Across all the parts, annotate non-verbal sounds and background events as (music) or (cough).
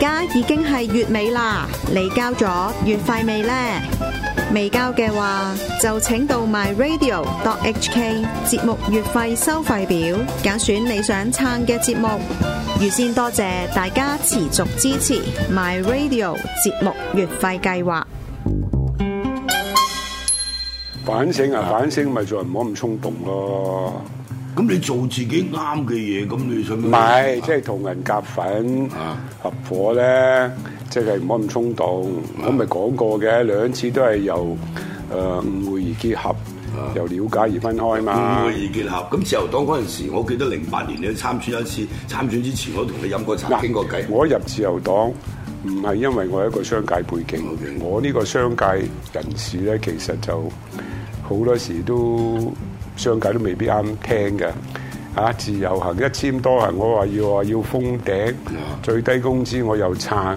而家已經係月尾啦，你交咗月費未呢？未交嘅話，就請到 myradio.hk 節目月費收費表，揀選你想撐嘅節目。預先多謝大家持續支持 myradio 節目月費計劃。反省啊，反省咪做人唔好咁衝動咯，啊。咁你做自己啱嘅嘢，咁你想咩？唔係，即係同人夾粉、啊、合夥咧，即係唔好咁衝動。啊、我咪講過嘅，兩次都係由誒誤、呃、會而結合，啊、由了解而分開嘛。誤會而結合。咁自由黨嗰陣時，我記得零八年你參選一次，參選之前我同你飲過茶，傾、啊、過偈。我入自由黨唔係因為我係一個商界背景，Okay. 我呢個商界人士咧，其實就好多時都。商界都未必啱聽嘅，嚇、啊、自由行一千多行，我話要話要封頂，Yeah. 最低工資我又撐，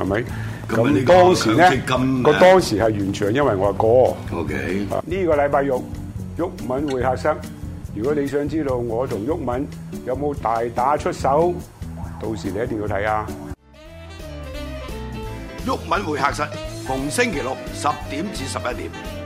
係咪 Yeah.？咁、嗯、麼當時咧，個當時係完全因為我過 Okay.、啊這個。OK，呢個禮拜六，毓民會客室。如果你想知道我同毓民有冇大打出手，到時你一定要睇啊！毓民會客室逢星期六十點至十一點。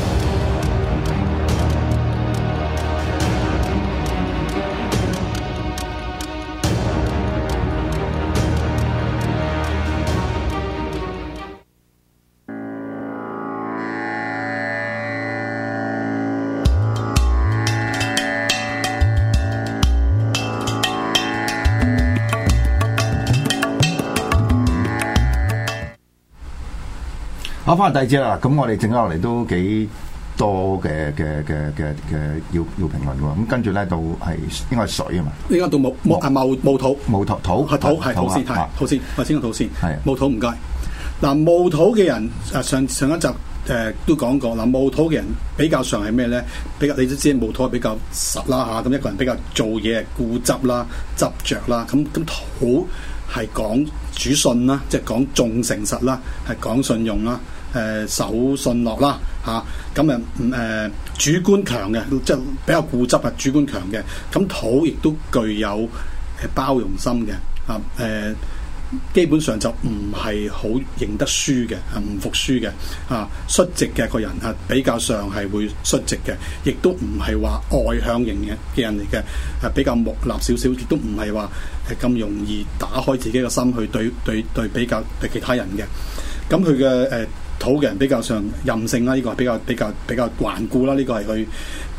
咁啊，第二隻啦，咁我哋整咗落嚟都幾多嘅嘅嘅嘅嘅要要評論嘅喎。咁跟住咧到係應該係水啊嘛。應該到木木啊，木木土，木土土係土係土先，係土先，我先講土先。係木土唔該。嗱，木土嘅人啊，上上一集誒都講過，嗱，木土嘅人比較上係咩咧？比較你都知木土係比較實啦嚇，咁一個人比較做嘢固執啦、執着啦，咁咁土係講主信啦，即係講重誠實啦，係講信用啦。誒守信諾啦嚇，咁誒誒主觀強嘅，即係比較固執啊，主觀強嘅，咁、啊、土亦都具有誒包容心嘅啊誒、啊，基本上就唔係好認得輸嘅，唔服輸嘅啊，率直嘅個人啊，比較上係會率直嘅，亦都唔係話外向型嘅嘅人嚟嘅，係、啊、比較木訥少少，亦都唔係話係咁容易打開自己嘅心去對對對，對比較比其他人嘅，咁佢嘅誒。土嘅人比較上任性啦，呢個比較比較比較頑固啦，呢個係佢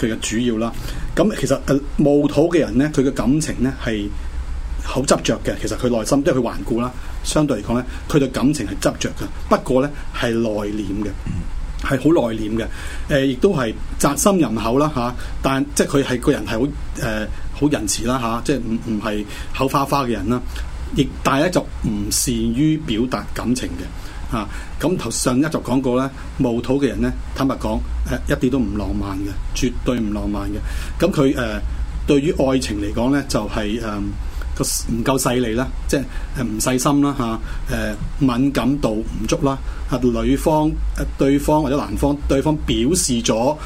佢嘅主要啦。咁其實誒，戊土嘅人咧，佢嘅感情咧係好執着嘅。其實佢、呃、內心，即係佢頑固啦，相對嚟講咧，佢對感情係執着嘅。不過咧係內斂嘅，係好內斂嘅。誒、呃，亦都係宅心仁厚啦，嚇、啊！但即係佢係個人係好誒好仁慈啦，嚇、啊！即係唔唔係口花花嘅人啦。亦、啊、但係咧就唔善於表達感情嘅，嚇、啊。咁頭上一集講過咧，無土嘅人咧，坦白講，誒一啲都唔浪漫嘅，絕對唔浪漫嘅。咁佢誒對於愛情嚟講咧，就係誒個唔夠細膩啦，即係誒唔細心啦嚇，誒敏感度唔足啦嚇。女方誒對方或者男方對方表示咗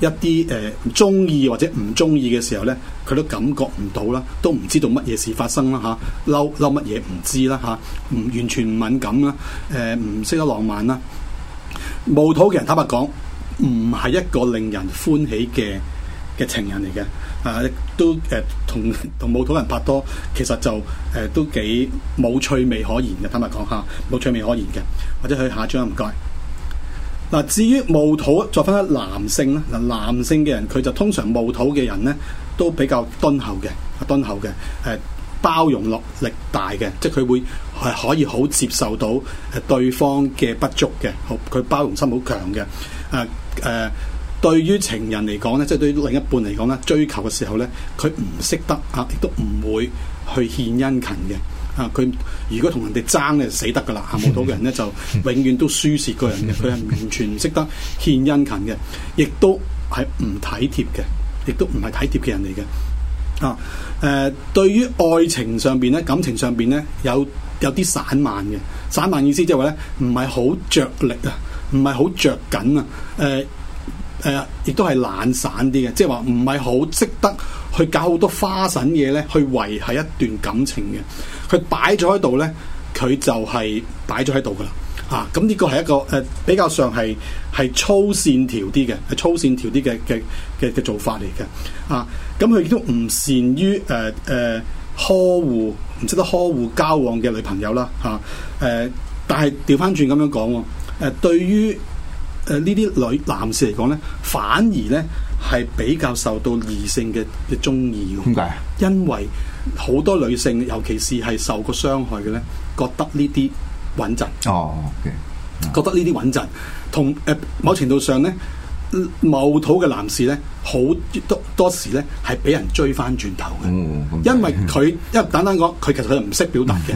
一啲誒中意或者唔中意嘅時候咧。佢都感覺唔到啦，都唔知道乜嘢事發生啦嚇，嬲嬲乜嘢唔知啦嚇，唔、啊、完全唔敏感啦，誒唔識得浪漫啦，無土嘅人坦白講，唔係一個令人歡喜嘅嘅情人嚟嘅。啊都誒、呃、同同無土人拍拖，其實就誒、呃、都幾冇趣味可言嘅，坦白講嚇冇趣味可言嘅，或者去下張唔該。嗱，至於無土作翻分男性啦，嗱男性嘅人佢就通常無土嘅人咧，都比較敦厚嘅，敦厚嘅，誒包容落力大嘅，即係佢會係可以好接受到誒對方嘅不足嘅，好佢包容心好強嘅。誒、呃、誒、呃，對於情人嚟講咧，即係對於另一半嚟講咧，追求嘅時候咧，佢唔識得啊，亦都唔會去獻殷勤嘅。啊，佢、啊、如果同人哋爭咧，就死得㗎啦！行、啊、戊土嘅人咧，就永遠都輸蝕過人嘅，佢係完全唔識得獻殷勤嘅，亦都係唔體貼嘅。亦都唔係體貼嘅人嚟嘅啊！誒、呃，對於愛情上邊咧，感情上邊咧，有有啲散漫嘅散漫意思就，即係話咧，唔係好着力啊，唔係好着緊啊，誒、呃、誒、呃，亦都係懶散啲嘅，即係話唔係好識得去搞好多花神嘢咧，去維係一段感情嘅，佢擺咗喺度咧，佢就係擺咗喺度噶啦。啊，咁呢個係一個誒、呃、比較上係係粗線條啲嘅，係粗線條啲嘅嘅嘅嘅做法嚟嘅。啊，咁佢都唔善於誒誒、呃呃、呵護，唔識得呵護交往嘅女朋友啦。嚇、啊、誒，但係調翻轉咁樣講喎，誒、啊、對於呢啲、呃、女男士嚟講咧，反而咧係比較受到異性嘅嘅鍾意。點解？因為好多女性，尤其是係受過傷害嘅咧，覺得呢啲。穩陣哦，覺得呢啲穩陣，同誒某程度上咧，某土嘅男士咧，好多多時咧係俾人追翻轉頭嘅，因為佢因為簡單講，佢其實佢唔識表達嘅，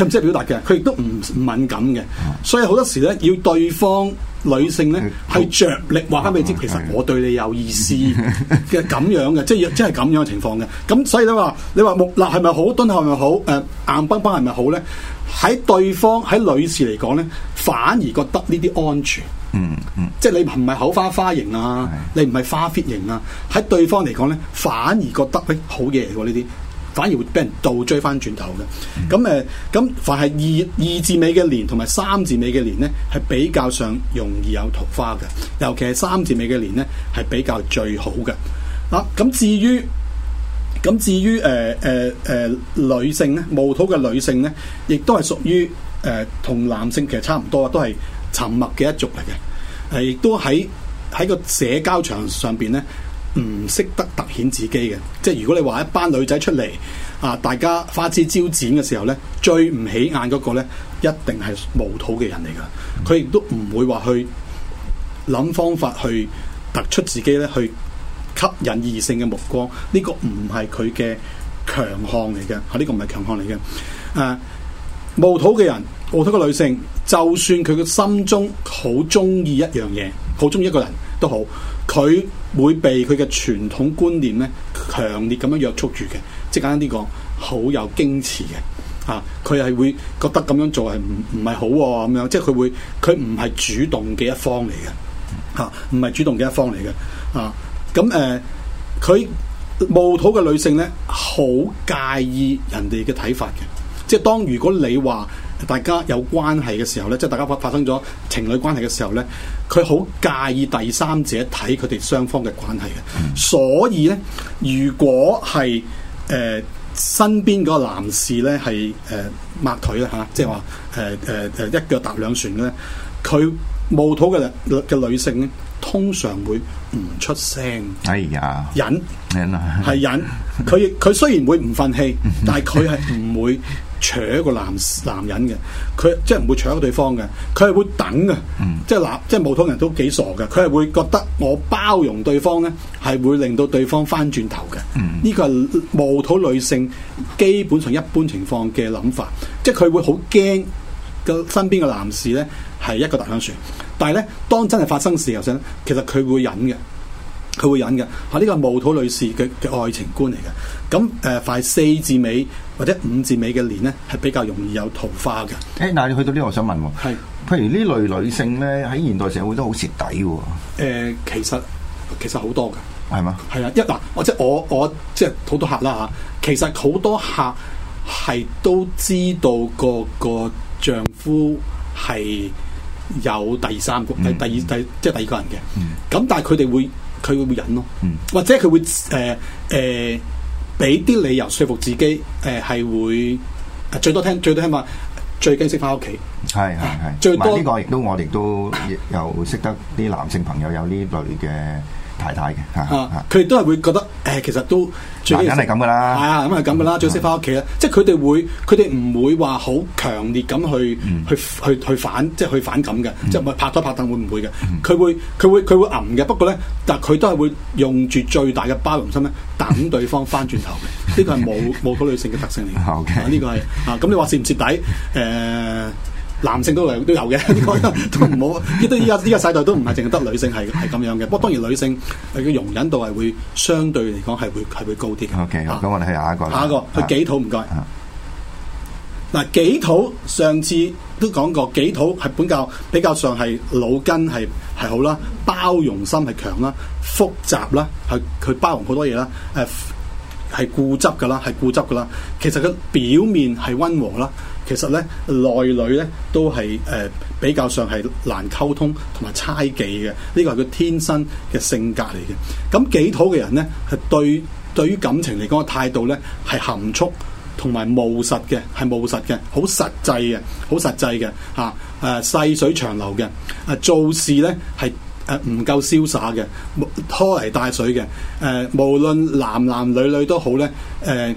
佢唔識表達嘅，佢亦都唔唔敏感嘅，所以好多時咧要對方女性咧係着力話翻俾你知，其實我對你有意思嘅咁樣嘅，即係即係咁樣嘅情況嘅，咁所以你話你話木納係咪好，敦厚係咪好，誒硬邦邦係咪好咧？喺對方喺女士嚟講咧，反而覺得呢啲安全，嗯嗯、mm，hmm. 即係你唔係口花花型啊，mm hmm. 你唔係花 fit 型啊，喺對方嚟講咧，反而覺得喂好嘢喎呢啲，反而會俾人倒追翻轉頭嘅。咁誒、mm，咁、hmm. 凡係二二字尾嘅年同埋三字尾嘅年咧，係比較上容易有桃花嘅，尤其係三字尾嘅年咧係比較最好嘅。啊，咁至於。咁至於誒誒誒女性咧，無土嘅女性咧，亦都係屬於誒同、呃、男性其實差唔多啊，都係沉默嘅一族嚟嘅，係亦都喺喺個社交場上邊咧，唔識得突顯自己嘅。即係如果你話一班女仔出嚟啊，大家花枝招展嘅時候咧，最唔起眼嗰個咧，一定係無土嘅人嚟㗎。佢亦都唔會話去諗方法去突出自己咧，去吸引異性嘅目光，呢、這個唔係佢嘅強項嚟嘅，吓、這、呢個唔係強項嚟嘅。誒、呃，戊土嘅人，戊土嘅女性，就算佢嘅心中好中意一樣嘢，好中意一個人都好，佢會被佢嘅傳統觀念咧，強烈咁樣約束住嘅。即係簡單啲講，好有矜持嘅，吓佢係會覺得咁樣做係唔唔係好喎、啊、咁樣，即係佢會佢唔係主動嘅一方嚟嘅，吓唔係主動嘅一方嚟嘅，啊。咁誒，佢戊、呃、土嘅女性咧，好介意人哋嘅睇法嘅。即係當如果你話大家有關係嘅時候咧，即係大家發發生咗情侶關係嘅時候咧，佢好介意第三者睇佢哋雙方嘅關係嘅。所以咧，如果係誒、呃、身邊嗰個男士咧，係誒、呃、抹腿啦嚇、啊，即係話誒誒誒一腳踏兩船咧，佢戊土嘅嘅、呃、女性咧。通常會唔出聲。哎呀，忍，忍啊，係忍。佢佢 (laughs) 雖然會唔忿氣，但係佢係唔會卓個男男人嘅。佢即係唔會卓個對方嘅。佢係會等嘅、嗯就是。即係男，即係戊土人都幾傻嘅。佢係會覺得我包容對方咧，係會令到對方翻轉頭嘅。呢個係戊土女性基本上一般情況嘅諗法，即係佢會好驚個身邊嘅男士咧係一個大香船。但係咧，當真係發生事嘅時候，其實佢會忍嘅，佢會忍嘅。吓、啊，呢個戊土女士嘅嘅愛情觀嚟嘅。咁、啊、誒，係四字尾或者五字尾嘅年咧，係比較容易有桃花嘅。誒、欸，嗱，你去到呢度，我想問，係，譬如呢類女性咧，喺現代社會都好蝕底嘅。誒、呃，其實其實好多嘅，係嘛？係啊，一嗱，我即係我我即係好多客啦吓。其實好多客係都知道個個丈夫係。有第三個，第第二第、嗯、即係第二個人嘅，咁、嗯、但係佢哋會佢會會忍咯，嗯、或者佢會誒誒俾啲理由説服自己誒係、呃、會最多聽最多聽話最驚識翻屋企，係係係，最，最多呢、呢個亦都我哋都又，又識得啲男性朋友有呢類嘅。太太嘅嚇，佢、啊、哋都係會覺得誒、哎，其實都最緊係咁嘅啦，係啊，咁係咁嘅啦，最識翻屋企啦。嗯、即係佢哋會，佢哋唔會話好強烈咁去、嗯、去去去反，即係去反感嘅，嗯、即係唔係拍拖拍凳會唔會嘅？佢、嗯、會佢會佢會揞嘅。不過咧，但佢都係會用住最大嘅包容心咧，等對方翻轉頭嘅。呢 (laughs) 個係冇冇女性嘅特性嚟嘅。呢個係啊，咁你話蝕唔蝕底？誒、啊。啊啊男性都嚟 (laughs) 都有嘅，都唔好，亦都依家依家世代都唔係淨係得女性係係咁樣嘅。不過當然女性佢容忍度係會相對嚟講係會係會高啲。O K，咁我哋下一個下一個，佢己、啊、土唔該。嗱，己、啊、土上次都講過，己土係本教比較上係腦筋係係好啦，包容心係強啦，複雜啦，係佢包容好多嘢啦。誒，係固執噶啦，係固執噶啦。其實佢表面係温和啦。其實咧內裏咧都係誒、呃、比較上係難溝通同埋猜忌嘅，呢、這個係佢天生嘅性格嚟嘅。咁、嗯、忌土嘅人咧係對對於感情嚟講嘅態度咧係含蓄同埋務實嘅，係務實嘅，好實際嘅，好實際嘅嚇誒細水長流嘅誒、啊、做事咧係誒唔夠瀟灑嘅拖泥帶水嘅誒、啊，無論男男女女都好咧誒、啊，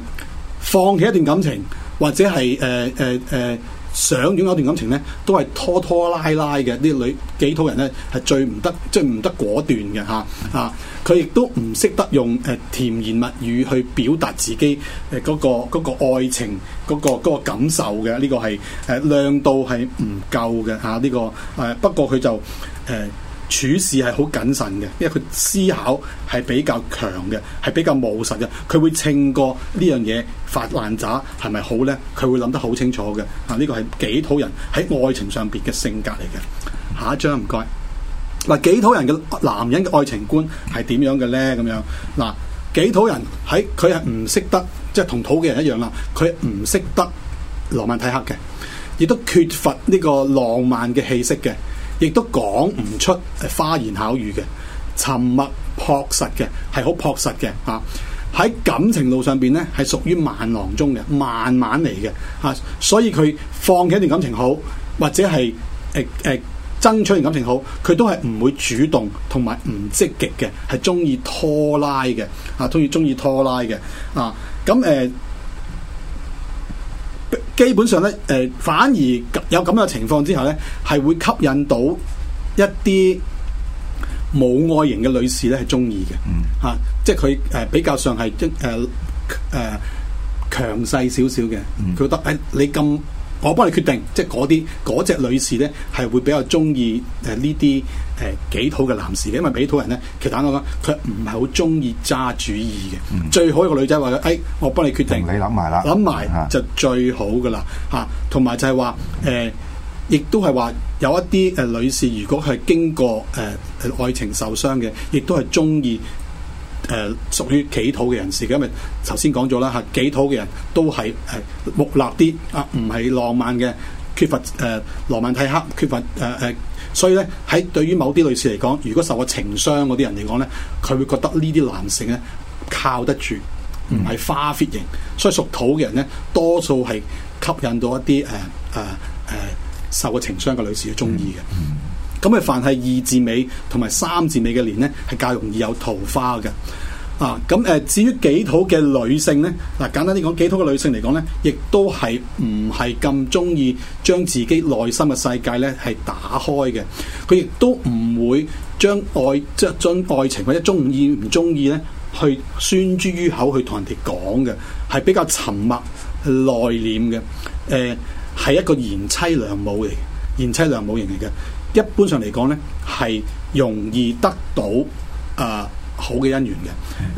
放棄一段感情。或者係誒誒誒想擁有段感情咧，都係拖拖拉拉嘅。女土呢女幾套人咧係最唔得，即係唔得果斷嘅嚇啊！佢亦都唔識得用誒、呃、甜言蜜語去表達自己誒嗰、呃嗰個嗰、嗰個、愛情嗰、嗰個嗰個感受嘅。呢、呢個係誒、呃、亮度係唔夠嘅嚇。呢、啊呢個誒、呃、不過佢就誒。呃處事係好謹慎嘅，因為佢思考係比較強嘅，係比較務實嘅。佢會稱過呢樣嘢發爛渣係咪好呢？佢會諗得好清楚嘅。啊，呢個係忌土人喺愛情上邊嘅性格嚟嘅。下一張唔該。嗱，忌、啊、土人嘅男人嘅愛情觀係點樣嘅呢？咁樣嗱，忌土人喺佢係唔識得，即係同土嘅人一樣啦。佢係唔識得羅曼蒂克嘅，亦都缺乏呢個浪漫嘅氣息嘅。亦都講唔出誒花言巧語嘅，沉默朴實嘅，係好朴實嘅啊！喺感情路上邊咧，係屬於慢郎中嘅，慢慢嚟嘅啊！所以佢放棄一段感情好，或者係誒誒爭取一段感情好，佢都係唔會主動同埋唔積極嘅，係中意拖拉嘅啊，中意中意拖拉嘅啊！咁、嗯、誒。呃基本上咧，誒、呃，反而有咁嘅情況之下咧，係會吸引到一啲冇外形嘅女士咧，係中意嘅吓，即係佢誒比較上係一誒誒強勢少少嘅，佢、嗯、覺得誒、哎，你咁。我幫你決定，即係嗰啲嗰隻女士呢，係會比較中意誒呢啲誒幾土嘅男士，嘅，因為幾土人呢，其實我講佢唔係好中意揸主意嘅。嗯、最好一個女仔話佢，誒，我幫你決定。你諗埋啦，諗埋就最好噶啦，嚇、啊！同埋就係話誒，亦、呃、都係話有一啲誒女士，如果係經過誒、呃、愛情受傷嘅，亦都係中意。誒、呃、屬於己土嘅人士，因為頭先講咗啦，嚇，己土嘅人都係誒、呃、木訥啲啊，唔係浪漫嘅，缺乏誒、呃、羅曼蒂克，缺乏誒誒、呃，所以咧喺對於某啲女士嚟講，如果受過情傷嗰啲人嚟講咧，佢會覺得呢啲男性咧靠得住，唔係花弗型，嗯、所以屬土嘅人咧多數係吸引到一啲誒誒誒受過情傷嘅女士嘅中意嘅。嗯咁誒，凡係二字尾同埋三字尾嘅年咧，係較容易有桃花嘅啊。咁誒，至於忌土嘅女性咧，嗱簡單啲講，忌土嘅女性嚟講咧，亦都係唔係咁中意將自己內心嘅世界咧係打開嘅。佢亦都唔會將愛即係將愛情或者中意唔中意咧去宣諸於口去同人哋講嘅，係比較沉默內斂嘅。誒、呃、係一個賢妻良母嚟，賢妻良母型嚟嘅。一般上嚟講咧，係容易得到啊、呃、好嘅姻緣嘅。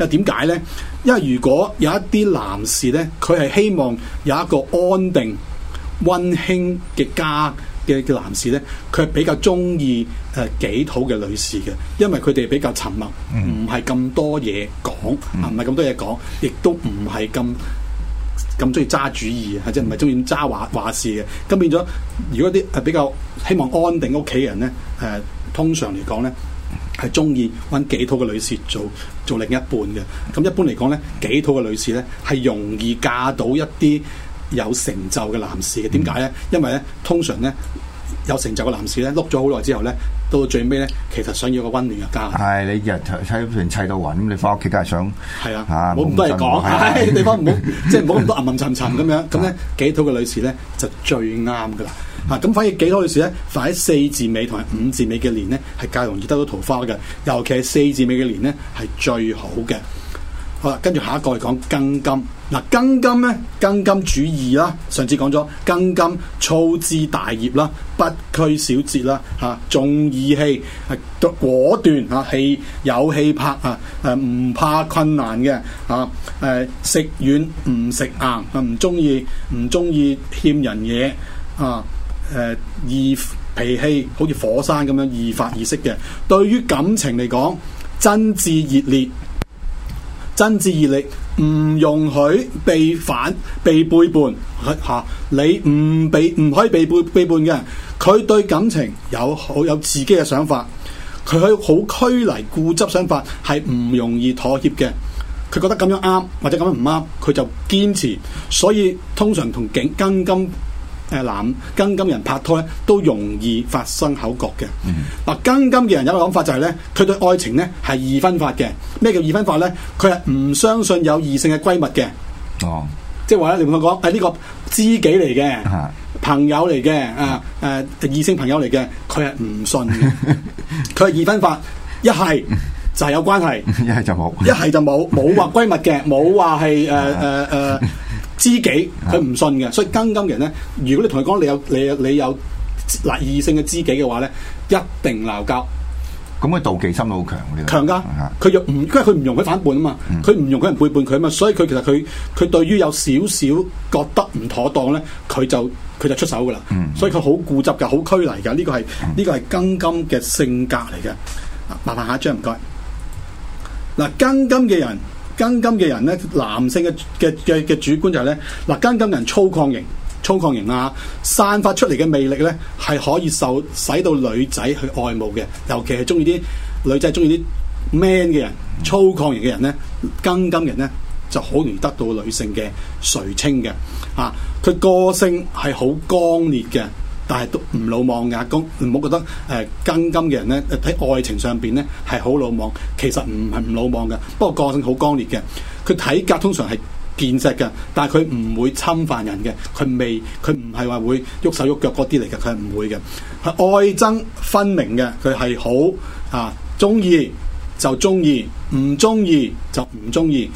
因為點解咧？因為如果有一啲男士咧，佢係希望有一個安定溫馨嘅家嘅嘅男士咧，佢係比較中意誒己土嘅女士嘅，因為佢哋比較沉默，唔係咁多嘢講，唔係咁多嘢講，亦都唔係咁。咁中意揸主意，係即唔係中意揸話話事嘅。咁變咗，如果啲係比較希望安定屋企人咧，誒、呃、通常嚟講咧係中意揾幾套嘅女士做做另一半嘅。咁一般嚟講咧，幾套嘅女士咧係容易嫁到一啲有成就嘅男士嘅。點解咧？因為咧，通常咧。有成就嘅男士咧，碌咗好耐之後咧，到最尾咧，其實想要個溫暖嘅家。係、哎、你日砌砌到暈，咁你翻屋企梗係想。係啊，吓，冇咁多嘢講，地方唔好，即係唔好咁多陰陰沉沉咁樣。咁咧，幾好嘅女士咧就最啱噶啦。吓、啊、咁，反而幾多女士咧，凡喺四字尾同埋五字尾嘅年咧，係較容易得到桃花嘅，尤其係四字尾嘅年咧係最好嘅。跟住下一個嚟講庚金嗱，庚金咧，庚金主義啦。上次講咗，庚金粗枝大葉啦，不拘小節啦，嚇、啊、重義氣，果斷嚇，氣、啊、有氣魄嚇，誒唔怕困難嘅嚇，誒、啊啊、食軟唔食硬，唔中意唔中意欠人嘢啊，誒、啊、易、啊、脾氣，好似火山咁樣易發易息嘅。對於感情嚟講，真摯熱烈，烈。根治而力，唔容許被反、被背叛。吓、啊，你唔被唔可以被背背叛嘅。佢對感情有好有自己嘅想法，佢好拘泥固執，想法係唔容易妥協嘅。佢覺得咁樣啱，或者咁樣唔啱，佢就堅持。所以通常同警根金。誒男庚金人拍拖咧，都容易發生口角嘅。嗱、嗯，庚金嘅人有一個講法就係咧，佢對愛情咧係二分法嘅。咩叫二分法咧？佢係唔相信有異性嘅閨蜜嘅。哦，即係話咧，你同我講，誒、啊、呢、這個知己嚟嘅，啊、朋友嚟嘅，啊誒、啊、異性朋友嚟嘅，佢係唔信嘅。佢係二分法，一係就係、是、有關係，一係 (laughs) 就冇，一係就冇，冇話閨蜜嘅，冇話係誒誒誒。啊啊啊啊啊啊知己佢唔信嘅，所以庚金嘅人咧，如果你同佢講你有你有你有嗱異性嘅知己嘅話咧，一定鬧交。咁佢妒忌心好強嘅呢強噶的，佢又唔，因為佢唔容佢反叛啊嘛，佢唔、嗯、用佢人背叛佢啊嘛，所以佢其實佢佢對於有少少覺得唔妥當咧，佢就佢就出手噶啦。嗯、所以佢好固執噶，好拘泥噶，呢、這個係呢個係庚金嘅性格嚟嘅。麻煩下張唔該。嗱，庚金嘅人。庚金嘅人咧，男性嘅嘅嘅嘅主觀就係咧，嗱庚金人粗獷型，粗獷型啊，散發出嚟嘅魅力咧，係可以受使到女仔去愛慕嘅，尤其係中意啲女仔中意啲 man 嘅人，粗獷型嘅人咧，庚金人咧就好容易得到女性嘅垂青嘅，啊，佢個性係好剛烈嘅。但係都唔魯莽嘅，唔好覺得誒庚金嘅人呢，誒喺愛情上邊呢，係好魯莽。其實唔係唔魯莽嘅，不過個性好剛烈嘅。佢體格通常係健碩嘅，但係佢唔會侵犯人嘅。佢未，佢唔係話會喐手喐腳嗰啲嚟嘅，佢係唔會嘅。係愛憎分明嘅，佢係好啊，中意就中意，唔中意就唔中意。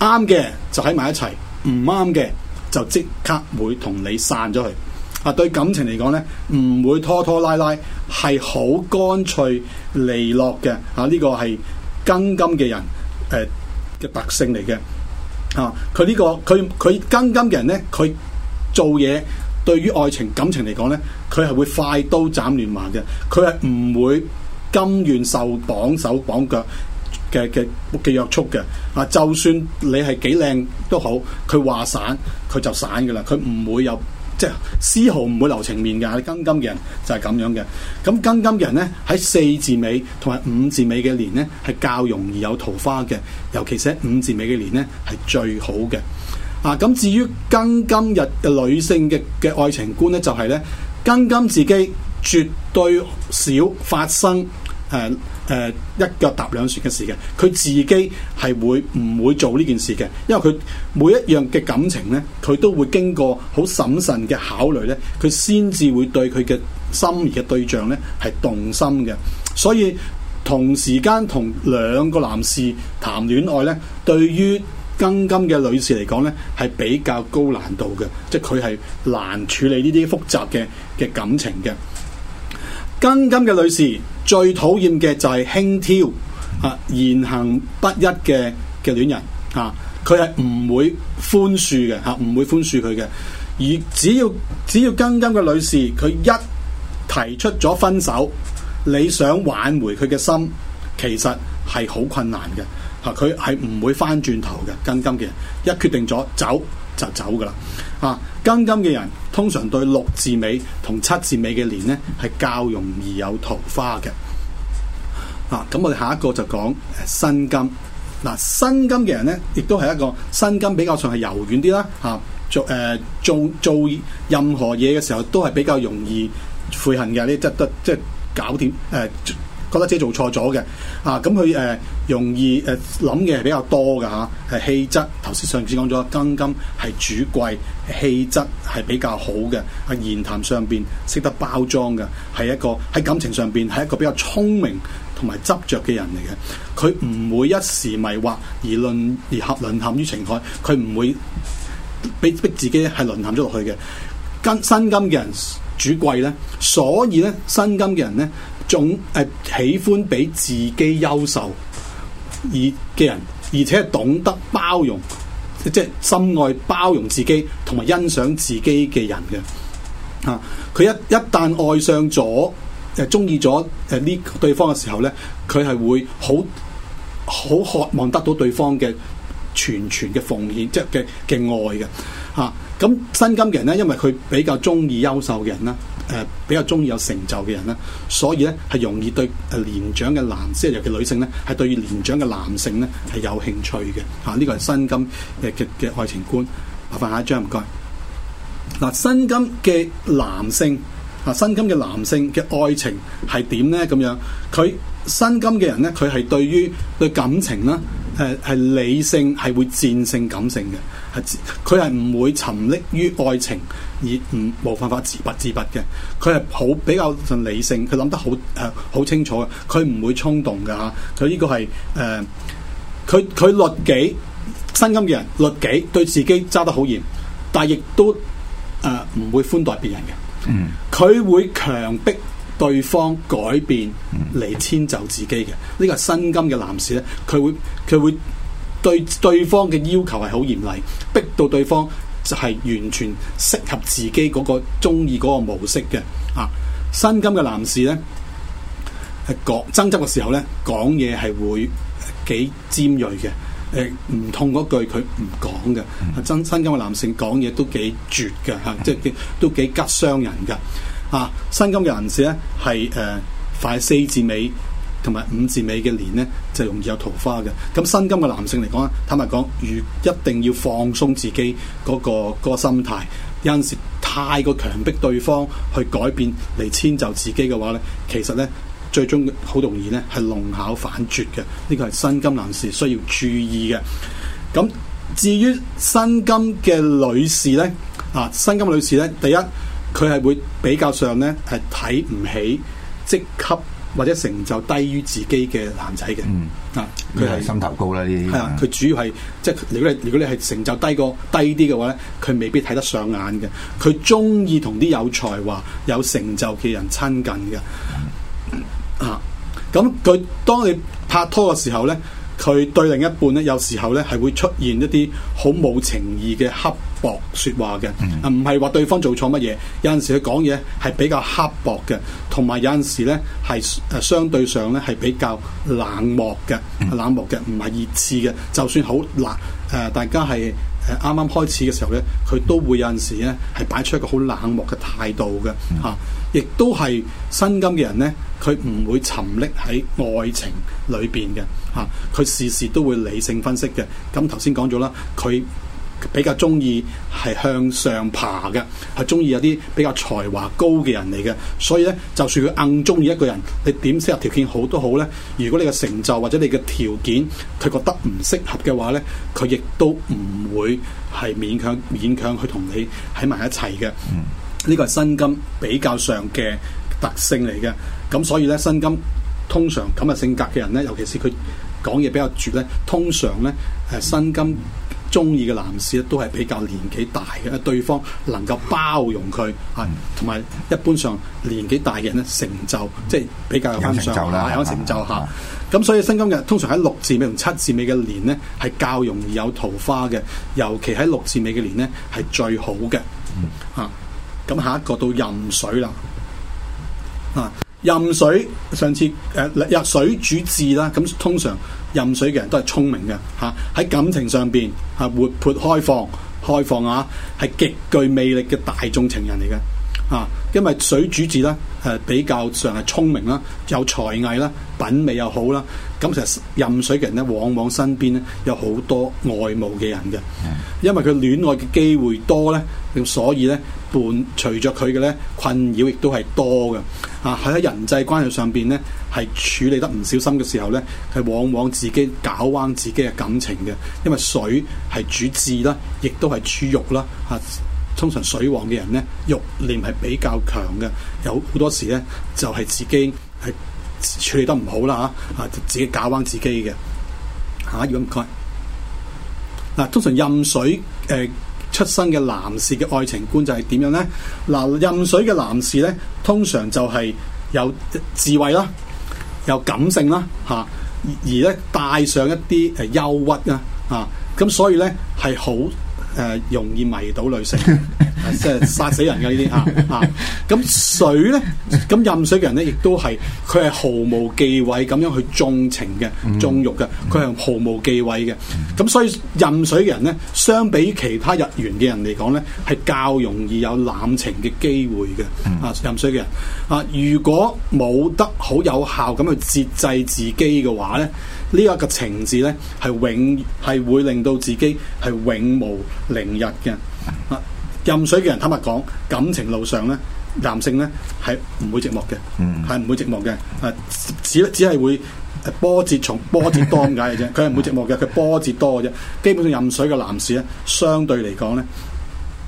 啱嘅就喺埋一齊，唔啱嘅就即刻會同你散咗去。啊，對感情嚟講咧，唔會拖拖拉拉，係好乾脆利落嘅。啊，呢、這個係庚金嘅人誒嘅、呃、特性嚟嘅。啊，佢、這個、呢個佢佢庚金嘅人咧，佢做嘢對於愛情感情嚟講咧，佢係會快刀斬亂麻嘅。佢係唔會甘願受綁手綁腳嘅嘅嘅約束嘅。啊，就算你係幾靚都好，佢話散佢就散噶啦，佢唔會有。絲毫唔會留情面嘅，庚金嘅人就係咁樣嘅。咁庚金嘅人呢，喺四字尾同埋五字尾嘅年呢，係較容易有桃花嘅。尤其是五字尾嘅年呢，係最好嘅。啊，咁至於庚金日嘅女性嘅嘅愛情觀呢，就係呢：庚金自己絕對少發生。誒誒、啊啊，一腳踏兩船嘅事嘅，佢自己係會唔會做呢件事嘅？因為佢每一樣嘅感情呢，佢都會經過好審慎嘅考慮呢，佢先至會對佢嘅心儀嘅對象呢係動心嘅。所以同時間同兩個男士談戀愛呢，對於庚金嘅女士嚟講呢，係比較高難度嘅，即係佢係難處理呢啲複雜嘅嘅感情嘅。庚金嘅女士最討厭嘅就係輕佻啊，言行不一嘅嘅戀人啊，佢係唔會寬恕嘅吓，唔會寬恕佢嘅。而只要只要庚金嘅女士，佢一提出咗分手，你想挽回佢嘅心，其實係好困難嘅吓，佢係唔會返轉頭嘅庚金嘅，人，一決定咗走。就走噶啦！啊，金金嘅人通常對六字尾同七字尾嘅年呢係較容易有桃花嘅。啊，咁我哋下一個就講辛金。嗱、啊，辛金嘅人呢亦都係一個辛金比較上係柔軟啲啦。啊，做誒、呃、做做任何嘢嘅時候，都係比較容易悔恨嘅。呢執得即係搞掂誒。呃覺得自己做錯咗嘅，啊，咁佢誒容易誒諗嘅係比較多嘅嚇，係、啊、氣質。頭先上次講咗庚金係主貴，氣質係比較好嘅。啊，言談上邊識得包裝嘅，係一個喺感情上邊係一個比較聰明同埋執着嘅人嚟嘅。佢唔會一時迷惑而論而陷淪陷於情海，佢唔會俾逼自己係淪陷咗落去嘅。金辛金金嘅人主貴咧，所以咧辛金嘅人咧。總誒喜歡比自己優秀而嘅人，而且懂得包容，即係深愛包容自己同埋欣賞自己嘅人嘅。吓、啊，佢一一旦愛上咗，誒，中意咗誒呢對方嘅時候咧，佢係會好好渴望得到對方嘅全全嘅奉獻，即係嘅嘅愛嘅。吓、啊，咁金金嘅人咧，因為佢比較中意優秀嘅人啦。誒，比較中意有成就嘅人咧，所以咧係容易對誒年長嘅男性，尤其女性咧，係對於年長嘅男性咧係有興趣嘅。吓、啊，呢個係辛金嘅嘅嘅愛情觀。麻煩下一張唔該。嗱，辛金嘅男性啊，辛金嘅男性嘅愛情係點咧？咁樣，佢辛金嘅人咧，佢係對於對感情啦，誒、啊、係理性係會戰勝感性嘅，係佢係唔會沉溺於愛情。而唔冇辦法自拔自拔嘅，佢係好比較盡理性，佢諗得好誒好清楚嘅，佢唔會衝動㗎吓。佢呢個係誒，佢、呃、佢律己，辛金嘅人律己，對自己揸得好嚴，但係亦都誒唔、呃、會寬待別人嘅。嗯，佢會強迫對方改變嚟遷就自己嘅。呢個係辛金嘅男士咧，佢會佢會對對方嘅要求係好嚴厲，逼到對方。就係完全適合自己嗰個中意嗰個模式嘅啊。辛金嘅男士咧，係、啊、講爭執嘅時候咧，講嘢係會幾尖銳嘅，誒、啊、唔痛嗰句佢唔講嘅，辛辛金嘅男性講嘢都幾絕嘅吓，即係都幾吉傷人嘅啊。辛金嘅人士咧係誒快四字尾，同埋五字尾嘅年呢，就容易有桃花嘅。咁辛金嘅男性嚟講，啊，坦白講，如一定要放鬆自己嗰個，嗰個心態，有陣時太過強迫對方去改變嚟遷就自己嘅話呢，其實呢，最終好容易呢，係弄巧反拙嘅。呢個係辛金男士需要注意嘅。咁至於辛金嘅女士呢，啊，辛金女士呢，第一佢係會比較上呢，係睇唔起職級或者成就低於自己嘅男仔嘅，啊、嗯，佢係是心頭高啦呢啲，係啊，佢主要係即係，如果你如果你係成就低過低啲嘅話咧，佢未必睇得上眼嘅。佢中意同啲有才華有成就嘅人親近嘅、嗯、啊。咁佢當你拍拖嘅時候咧，佢對另一半咧，有時候咧係會出現一啲好冇情意嘅恰薄説話嘅，唔係話對方做錯乜嘢，有陣時佢講嘢係比較刻薄嘅，同埋有陣時呢係誒相對上呢係比較冷漠嘅，冷漠嘅，唔係熱切嘅。就算好冷誒、呃，大家係誒啱啱開始嘅時候呢，佢都會有陣時呢係擺出一個好冷漠嘅態度嘅，嚇、啊。亦都係辛金嘅人呢，佢唔會沉溺喺愛情裏邊嘅，嚇、啊。佢事事都會理性分析嘅。咁頭先講咗啦，佢。比較中意係向上爬嘅，係中意有啲比較才華高嘅人嚟嘅，所以咧，就算佢硬中意一個人，你點適合條件好都好咧，如果你嘅成就或者你嘅條件，佢覺得唔適合嘅話咧，佢亦都唔會係勉強勉強去同你喺埋一齊嘅。呢個係辛金比較上嘅特性嚟嘅，咁所以咧，辛金通常咁嘅性格嘅人咧，尤其是佢講嘢比較絕咧，通常咧誒辛金。中意嘅男士咧，都係比較年紀大嘅，對方能夠包容佢，嚇、嗯，同埋一般上年紀大嘅人咧，成就、嗯、即係比較有欣賞，有成就嚇。咁、嗯、所以辛金日通常喺六字尾同七字尾嘅年呢係較容易有桃花嘅，尤其喺六字尾嘅年呢係最好嘅嚇。咁、嗯啊、下一個到壬水啦，啊。壬水上次誒入水主智啦，咁通常壬水嘅人都係聰明嘅嚇。喺感情上邊係活潑開放、開放啊，係極具魅力嘅大眾情人嚟嘅啊。因為水主智咧係比較上係聰明啦，有才藝啦，品味又好啦。咁其實壬水嘅人咧，往往身邊咧有好多愛慕嘅人嘅，因為佢戀愛嘅機會多咧，咁所以咧伴隨着佢嘅咧困擾亦都係多嘅。啊！喺喺人際關係上邊咧，係處理得唔小心嘅時候咧，係往往自己搞彎自己嘅感情嘅。因為水係主智啦，亦都係主肉啦。嚇、啊，通常水旺嘅人咧，肉念係比較強嘅。有好多時咧，就係、是、自己係處理得唔好啦，嚇、啊！嚇、啊、自己搞彎自己嘅嚇。如果唔該，嗱、啊，通常壬水誒。呃出生嘅男士嘅愛情觀就係點樣呢？嗱，壬水嘅男士呢，通常就係有智慧啦，有感性啦，嚇，而咧帶上一啲誒憂鬱啊，啊，咁所以呢，係好。誒、呃，容易迷倒女性，即係殺死人嘅呢啲啊啊！咁、啊、水呢，咁壬水嘅人呢，亦都係佢係毫無忌諱咁樣去縱情嘅、縱慾嘅，佢係毫無忌諱嘅。咁所以壬水嘅人呢，相比其他日元嘅人嚟講呢，係較容易有濫情嘅機會嘅。啊，壬水嘅人啊，如果冇得好有效咁去節制自己嘅話呢，呢一個情字咧，係永係會令到自己係永無寧日嘅。啊，壬水嘅人坦白講，感情路上咧，男性咧係唔會寂寞嘅，係唔會寂寞嘅。啊，只只係會波折重、波折多解嘅啫。佢係唔會寂寞嘅，佢波折多嘅啫。基本上壬水嘅男士咧，相對嚟講咧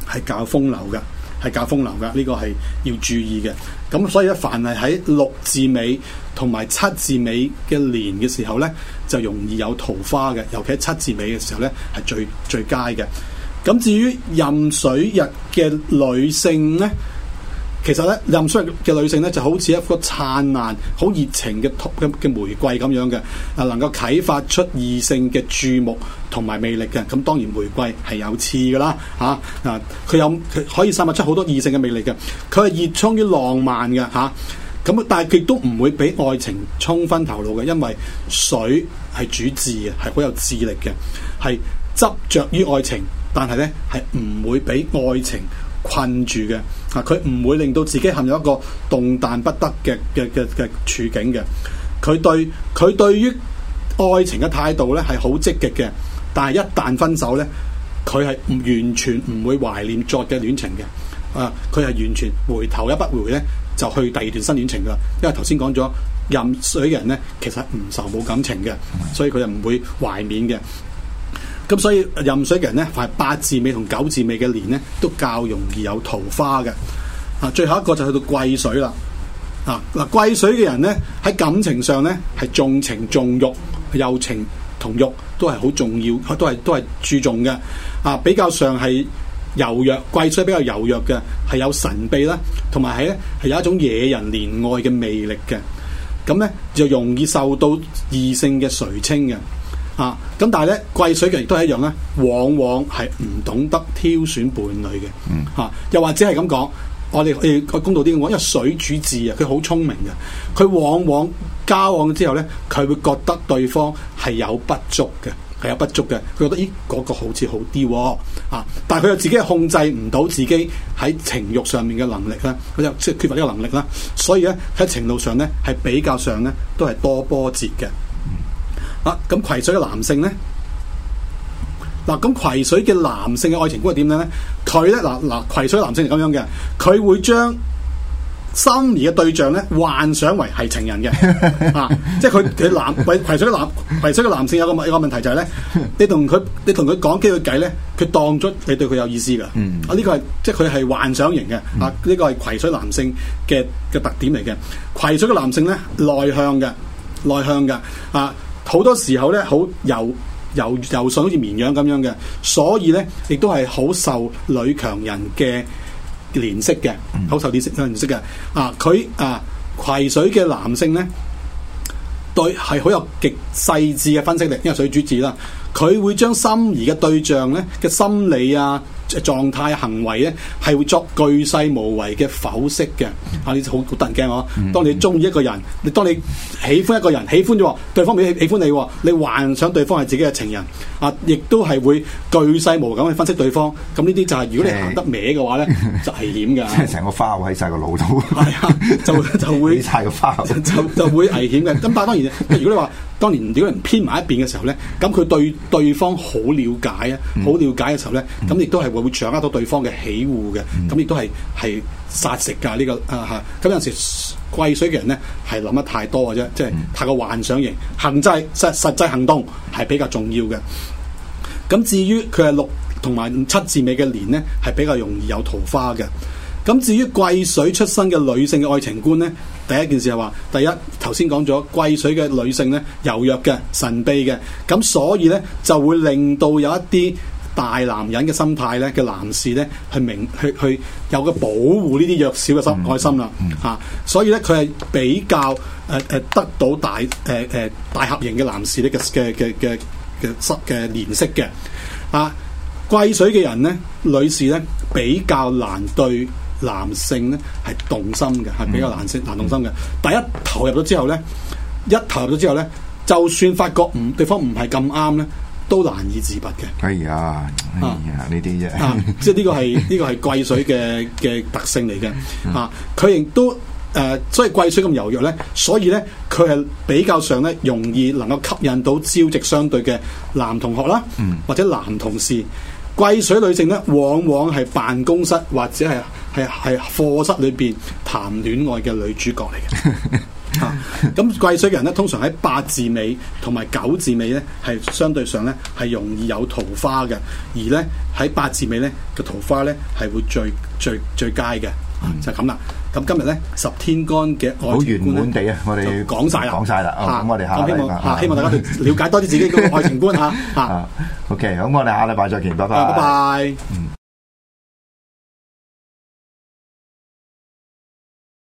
係較風流嘅。係較風流噶，呢、這個係要注意嘅。咁所以咧，凡係喺六字尾同埋七字尾嘅年嘅時候咧，就容易有桃花嘅。尤其係七字尾嘅時候咧，係最最佳嘅。咁至於壬水日嘅女性咧。其實咧，壬水嘅女性咧就好似一個燦爛、好熱情嘅嘅玫瑰咁樣嘅，啊能夠啟發出異性嘅注目同埋魅力嘅。咁當然玫瑰係有刺㗎啦，嚇啊！佢、啊、有可以散發出好多異性嘅魅力嘅，佢係熱衷於浪漫嘅嚇。咁啊，但係亦都唔會俾愛情衝昏頭腦嘅，因為水係主智嘅，係好有智力嘅，係執着於愛情，但係咧係唔會俾愛情。困住嘅，啊，佢唔會令到自己陷入一個動彈不得嘅嘅嘅嘅處境嘅。佢對，佢對於愛情嘅態度咧係好積極嘅，但係一旦分手呢，佢係完全唔會懷念作嘅戀情嘅。啊，佢係完全回頭一不回呢，就去第二段新戀情噶。因為頭先講咗，壬水嘅人呢，其實唔愁冇感情嘅，所以佢就唔會懷緬嘅。咁所以任水嘅人咧，係八字尾同九字尾嘅年咧，都較容易有桃花嘅。啊，最後一個就去到貴水啦。啊，嗱，貴水嘅人咧，喺感情上咧係重情重欲，柔情同欲都係好重要，都係都係注重嘅。啊，比較上係柔弱，貴水比較柔弱嘅，係有神秘啦，同埋係咧係有一種野人戀愛嘅魅力嘅。咁咧就容易受到異性嘅垂青嘅。啊，咁但係咧，癸水嘅人亦都係一樣咧，往往係唔懂得挑選伴侶嘅。嗯，嚇，又或者係咁講，我哋、欸、我公道啲咁講，因為水主智啊，佢好聰明嘅，佢往往交往之後咧，佢會覺得對方係有不足嘅，係有不足嘅，佢覺得咦嗰、那個好似好啲喎，啊，但係佢又自己控制唔到自己喺情欲上面嘅能力啦，佢就即、是、係缺乏呢個能力啦，所以咧喺程度上咧係比較上咧都係多波折嘅。咁、啊、葵水嘅男性咧，嗱、啊、咁葵水嘅男性嘅愛情觀係點樣咧？佢咧嗱嗱，葵水男性係咁樣嘅，佢會將心儀嘅對象咧幻想為係情人嘅啊，即係佢佢男葵葵水嘅男葵水嘅男性有個問有個問題就係咧，你同佢你同佢講幾句偈咧，佢當咗你對佢有意思噶。啊，呢、這個係即係佢係幻想型嘅啊，呢個係葵水男性嘅嘅特點嚟嘅。葵水嘅男性咧內向嘅內向嘅啊。啊好多時候咧，好柔，柔，柔，順好似綿羊咁樣嘅，所以咧亦都係好受女強人嘅憐惜嘅，好受啲色憐惜嘅。啊，佢啊，癸水嘅男性咧，對係好有極細緻嘅分析力，因為水主智啦，佢會將心儀嘅對象咧嘅心理啊。狀態行為咧係會作巨細無遺嘅剖析嘅，啊呢啲好好得人驚哦！嗯、當你中意一個人，你當你喜歡一個人，喜歡咗，對方俾喜，喜歡你，你幻想對方係自己嘅情人，啊，亦都係會巨細無遺咁去分析對方。咁呢啲就係如果你行得歪嘅話咧， (laughs) 就危險㗎。即係成個花後喺晒個腦度。係 (laughs) 啊，就會就會喺曬 (laughs) 花 (laughs) 就，就就會危險嘅。咁但係當然，如果你話當年如果唔偏埋一邊嘅時候咧，咁佢對，對對方好了解啊，好了解嘅時候咧，咁亦都係。 (laughs) (laughs) sistema 會掌握到對方嘅喜惡嘅，咁亦都係係殺食噶、這個啊，呢個啊吓，咁有陣時癸水嘅人咧係諗得太多嘅啫，即、就、係、是嗯、太過幻想型，行在實實際行動係比較重要嘅。咁至於佢係六同埋七字尾嘅年咧，係比較容易有桃花嘅。咁至於癸水出身嘅女性嘅愛情觀咧，第一件事係話，第一頭先講咗癸水嘅女性咧柔弱嘅、神秘嘅，咁所以咧就會令到有一啲。大男人嘅心態咧，嘅男士咧係明， (music) 去去有個保護呢啲弱小嘅心，唔開心啦嚇、啊，所以咧佢係比較誒誒、呃、得到大誒誒、呃、大合型嘅男士咧嘅嘅嘅嘅心嘅憐惜嘅啊，癸水嘅人咧，女士咧比較難對男性咧係動心嘅，係比較難識難動心嘅。第一投入咗之後咧，一投入咗之後咧，就算發覺唔對方唔係咁啱咧。都難以自拔嘅。哎呀，哎呀，呢啲啫，即係呢個係呢、呢個係貴水嘅嘅特性嚟嘅。啊，佢亦都誒、呃，所以貴水咁柔弱呢。所以呢，佢係比較上呢，容易能夠吸引到朝夕相對嘅男同學啦，嗯、或者男同事。貴水女性呢，往往係辦公室或者係係係課室裏邊談戀愛嘅女主角嚟嘅。 (laughs) 咁癸、 (laughs) 啊、水嘅人咧，通常喺八字尾同埋九字尾咧，係相對上咧係容易有桃花嘅，而咧喺八字尾咧嘅桃花咧係會最最最佳嘅，嗯、就咁啦。咁今日咧十天干嘅愛情觀地啊，哦、我哋講晒啦，講晒啦。咁我哋下，吓希望大家去了解多啲自己嘅愛情觀吓。吓，OK，咁我哋下禮拜再見，拜拜。拜拜。